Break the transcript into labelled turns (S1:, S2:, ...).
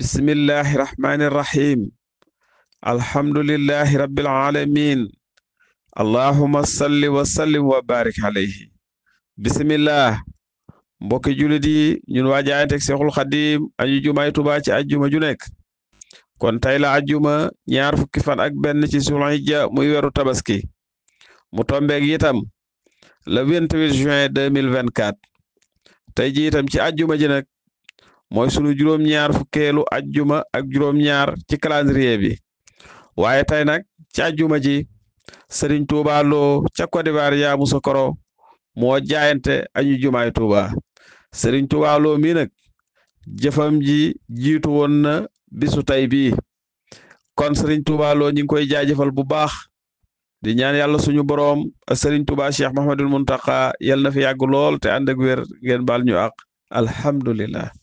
S1: بسم الله الرحمن الرحيم الحمد لله رب العالمين اللهم صل وسلم وبارك عليه بسم الله بوك جولدي نون واجاتك شيخ القديم اي جمعه توبا تي اجوما جونيك كون تايلا اجوما ñaar fukki fan ak ben ci sulayja muy wéru tabaski mu tombe ak yitam le 28 juin 2024 tay ji itam ci aljuma ji nak mooy sunu juróom-ñaar fukkeelu ajjuma ak juróom-ñaar ci calendrier bi waaye tey nag ci juma ji sëriñ Touba Lo ca Côte d'Ivoire Yamoussoukro moo jaayante añu jumaay Touba Serigne Touba mii nag jëfam ji jiitu woon na bisu tey bii kon sëriñ Touba Lo ñu ngi koy jaajëfal bu baax di ñaan yàlla suñu boroom Serigne Touba Cheikh Mahamadul Muntaka yal na fi yàgg lool te ànd ak wér ngeen baal ñu àq alhamdulillah